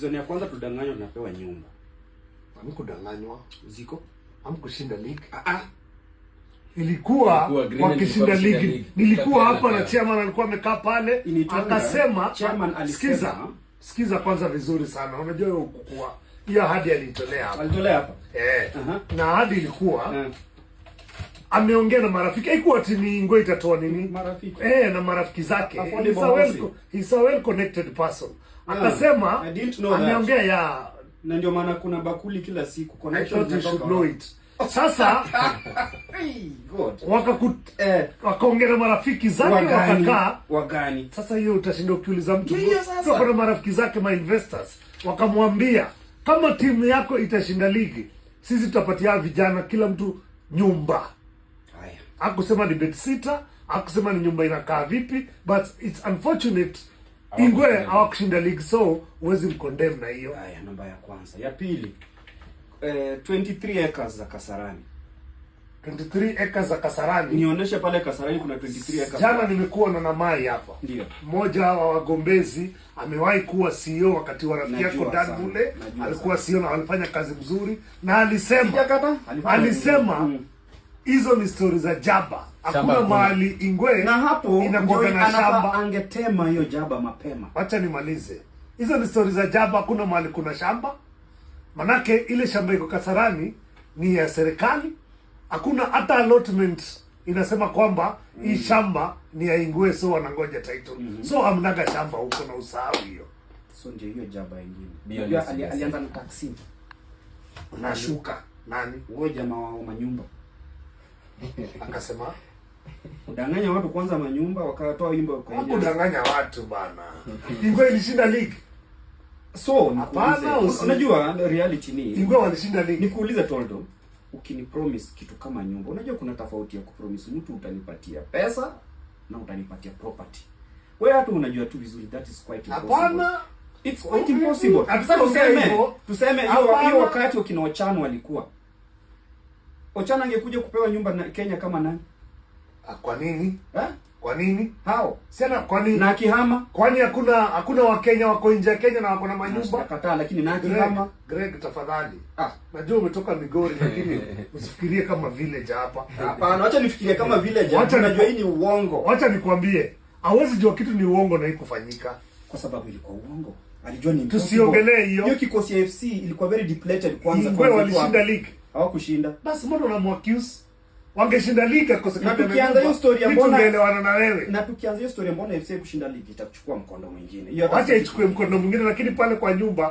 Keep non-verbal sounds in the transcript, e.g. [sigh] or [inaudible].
Zoni ya kwanza tudanganywa tunapewa nyumba. Hamkudanganywa. Ziko? Hamkushinda league. Ah ah. Ilikuwa wakishinda league. Nilikuwa hapa na chairman alikuwa amekaa pale akasema chairman alisikiza. Sikiza, sikiza kwanza vizuri sana. Unajua wewe ukukua. Hiyo ahadi alitolea hapa. Alitolea hapa. Eh. Na ahadi ilikuwa uh eh. -huh ameongea na marafiki, haikuwa tini ngo itatoa nini marafiki eh, na marafiki zake, he's a well, he's a well connected person yeah. Akasema ameongea ya, na ndio maana kuna bakuli kila siku connections should know it sasa [laughs] wakaku eh, wakaongea na marafiki zake wakakaa wagani. Sasa hiyo utashinda ukiuliza mtu na marafiki zake ma investors wakamwambia, kama timu yako itashinda ligi, sisi tutapatia vijana kila mtu nyumba akusema ni bed sita, akusema ni nyumba inakaa vipi, but it's unfortunate Ingwe hawakushinda league, so huwezi mkondemn na hiyo. Aya, namba ya kwanza. Ya pili, eh, 23 acres za Kasarani 23 acres za Kasarani. Nionyeshe pale Kasarani kuna 23 acres. Jana nimekuwa na namai hapa. Ndio. Mmoja wa wagombezi amewahi kuwa CEO wakati wa rafiki yako Dan Mule, alikuwa CEO na alifanya kazi mzuri na alisema alisema hizo ni stori za jaba. Hakuna mahali Ingwe na hapo inakuwa na angetema hiyo jaba mapema. Wacha nimalize, hizo ni stori za jaba. Hakuna mahali kuna shamba, manake ile shamba iko Kasarani ni ya serikali. Hakuna hata allotment inasema kwamba mm. hii shamba ni ya Ingwe, so wanangoja title mm -hmm. so hamnaga shamba huko na usahau hiyo, so ndio hiyo jaba ingine alianza na taksi, unashuka nani wewe, jamaa wa manyumba [laughs] akasema kudanganya watu kwanza manyumba, wakatoa wimbo kwa hiyo kudanganya watu bana, [laughs] ingwe ilishinda league. So hapana, unajua reality ni ingwe walishinda league. Nikuulize Toldo, ukini promise kitu kama nyumba, unajua kuna tofauti ya kupromise mtu utanipatia pesa na utanipatia property. Wewe hata unajua tu vizuri, that is quite impossible. Hapana, it's quite impossible. Tuseme tuseme hiyo wakati wakinawachano walikuwa Ochana angekuja kupewa nyumba na Kenya kama nani? Ah, kwa nini? Ha? Eh? Kwa nini? Hao. Sasa kwa nini? Na akihama? Kwani hakuna hakuna wa Kenya wako nje ya Kenya na wako na manyumba? Nakataa lakini na akihama. Greg, Greg tafadhali. Ah, najua umetoka Migori lakini [laughs] usifikirie kama village hapa. Hapana, acha nifikirie kama eh, village. Acha najua hii ni uongo. Acha nikwambie. Hawezi jua kitu ni uongo na ikufanyika kwa sababu ilikuwa uongo. Alijua ni mtu. Tusiongelee hiyo. Hiyo kikosi ya FC ilikuwa very depleted kwanza kwa sababu walishinda league hawakushinda. Basi mbona unamwacuse? Wangeshinda liga akosekana. Tukianza hiyo story ya mbona tungeelewana na wewe. Na tukianza hiyo story ya mbona FC kushinda liga itakuchukua mkondo mwingine. Hiyo acha ichukue mkondo mwingine, lakini pale kwa nyumba